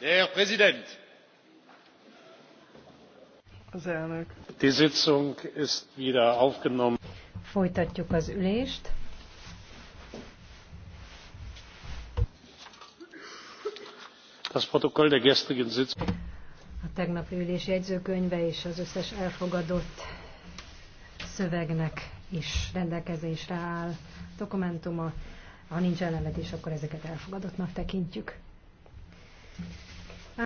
Der Präsident. Az elnök. Die Sitzung ist wieder aufgenommen. Folytatjuk az ülést. Das Protokoll der gestrigen Sitzung. A tegnapi ülés jegyzőkönyve és az összes elfogadott szövegnek is rendelkezésre áll dokumentuma. Ha nincs ellenvetés, akkor ezeket elfogadottnak tekintjük.